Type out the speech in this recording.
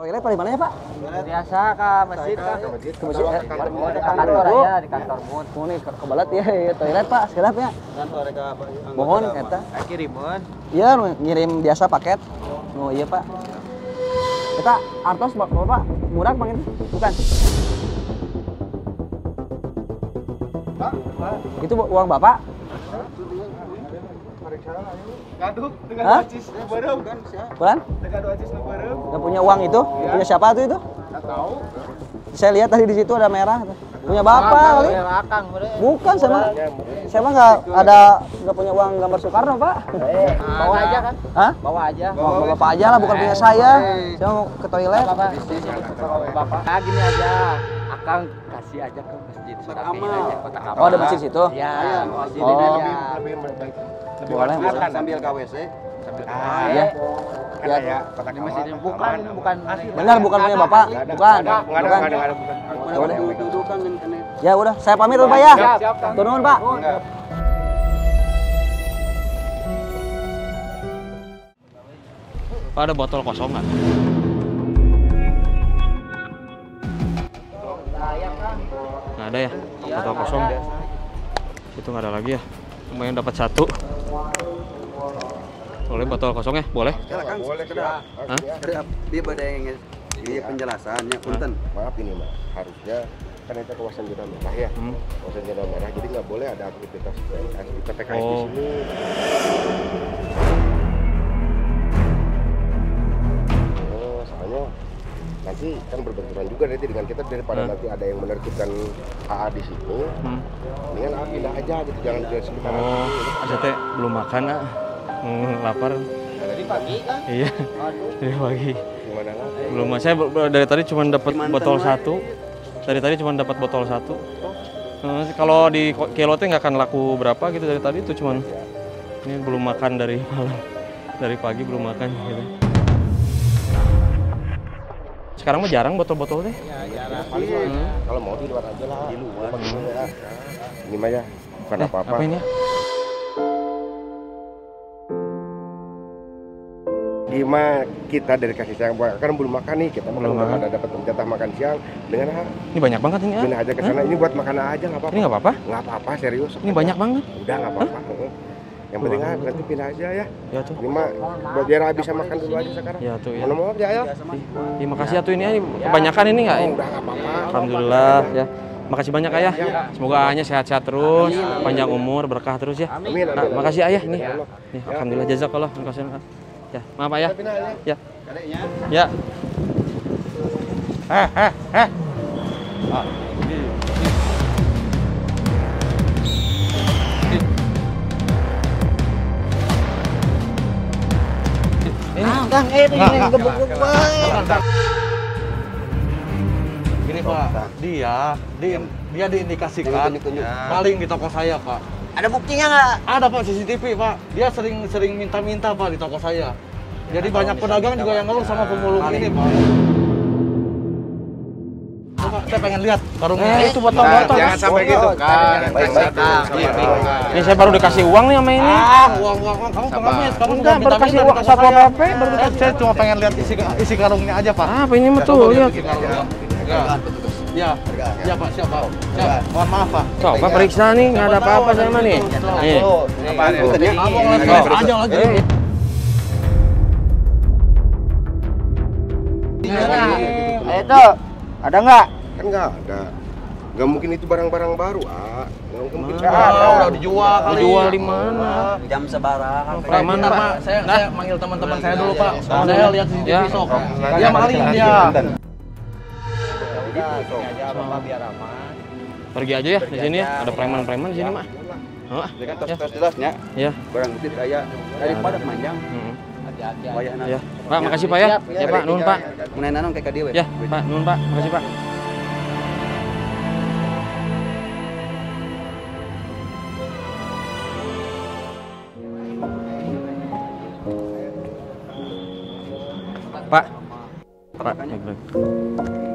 Toilet paling mana ya, Pak? Biasa ke masjid kan. Ke masjid, ya? kantor, di kantor aja, di kantor mun. Mun ke kebalat ya, ya, ya, toilet Pak, segelap ya. Kantor ke Mohon eta. Mohon. Iya, ngirim biasa paket. Oh iya, Pak. Eta artos Bapak murah pengen? bukan? Pak, itu uang Bapak? Gaduk, Hah? Bulan? Yang punya uang itu? Ya. Yang punya siapa tuh itu? Nggak tahu. Saya lihat tadi di situ ada merah. Punya bapak kali? Bukan sama. Saya mah nggak ada nggak punya uang gambar Soekarno pak. Eh, bawa aja kan? Hah? Bawa aja. Bawa, bawa bapak aja lah, bukan punya saya. Eh. Saya mau ke toilet. Bapak. Bapak. Nah, gini aja. Akang Bekasi aja ke masjid kota amal. Oh ada masjid situ? Iya. iya masjid oh. lebih lebih lebih boleh sambil KWC eh. sambil ah, iya. Iya. iya. Ya, ya, kotak di bukan bukan benar bukan punya bapak bukan bukan bukan bukan, ya udah saya pamit pak ya turun pak Pak ada botol kosong nggak? nggak ada ya atau kosong itu nggak ada lagi ya lumayan dapat satu boleh botol kosong ya boleh boleh ada, dia yang dia iya. penjelasannya punten maaf ini mbak harusnya karena itu kawasan zona merah ya hmm. kawasan zona merah jadi nggak boleh ada aktivitas PNS eh, di oh. sini sih kan berbenturan juga nanti dengan kita daripada hmm. nanti ada yang menertibkan AA di situ hmm. mendingan AA pindah aja gitu jangan di sekitar oh, aja kan teh belum makan ah hmm, lapar dari pagi kan iya dari pagi gimana belum saya dari tadi cuma dapat botol man. satu dari tadi cuma dapat botol satu oh. Hmm, kalau di Kelote nggak akan laku berapa gitu dari tadi itu cuman iya. ini belum makan dari malam dari pagi belum makan gitu sekarang mah jarang botol-botol deh. Ya, jarang. Hmm. Kalau mau di luar aja lah. Di luar. Hmm. Ini mah ya, bukan eh, apa-apa. Eh, apa ini? Ya? Gimana kita dari kasih sayang kan belum makan nih kita belum makan ada dapat jatah makan siang dengan ini banyak banget ini ah. aja ke sana eh? ini buat makan aja nggak apa-apa ini nggak apa-apa nggak apa-apa serius ini banyak banget udah nggak apa-apa yang penting ah berarti pindah aja ya ya tuh ini mah biar bisa makan dulu aja sekarang ya tuh ya mau ya ya terima kasih ya tuh ini kebanyakan ini nggak alhamdulillah ya Makasih banyak ayah. Iya. Semoga ayahnya sehat-sehat terus, Amin. panjang umur, berkah terus ya. Amin. Nah, makasih ayah nih. Ya, nih, ya. alhamdulillah jazakallah. Makasih. Ya, maaf ayah. Ya. Ya. Eh, eh, eh. Ah. Kang ini yang gebuk-gebuk Gini Pak, dia di, dia diindikasikan paling di toko saya Pak. Ada buktinya nggak? Ada Pak CCTV Pak. Dia sering sering minta-minta Pak di toko saya. Jadi banyak pedagang juga yang ngeluh sama pemulung ini Pak saya pengen lihat karungnya. Eh, itu botol-botol. jangan sampai gitu, kan. Ini saya baru dikasih uang nih sama ini. Ah, uang, uang, Kamu pengamis kamu enggak baru kasih uang satu apa baru Saya cuma pengen lihat isi isi karungnya aja, Pak. Ah, ini tuh, oh, lihat. Ya, ya Pak, siap Pak. Mohon maaf Pak. Coba periksa nih, nggak ada apa-apa sama nih. Nih. Apa ini ya? ini, aja lagi. Eh. Itu, ada nggak? kan nggak ada nggak mungkin itu barang-barang baru ah nggak mungkin nah, udah dijual kali dijual di mana jam sebarang pak mana pak saya nah. saya manggil teman-teman nah, saya iya, dulu iya, pak iya. saya lihat di ya, besok sok dia maling dia gitu. pergi aja ya di sini ya ada preman-preman di sini mah Oh, kan tos-tos ya. jelasnya. Ya. Barang bukti kayak daripada ya. panjang. Heeh. Hati-hati. Ya. Pak, makasih Pak ya. Ya Pak, nun Pak. Menaik kayak dia. Ya, Pak, nun Pak. Makasih Pak. Pak. Pak.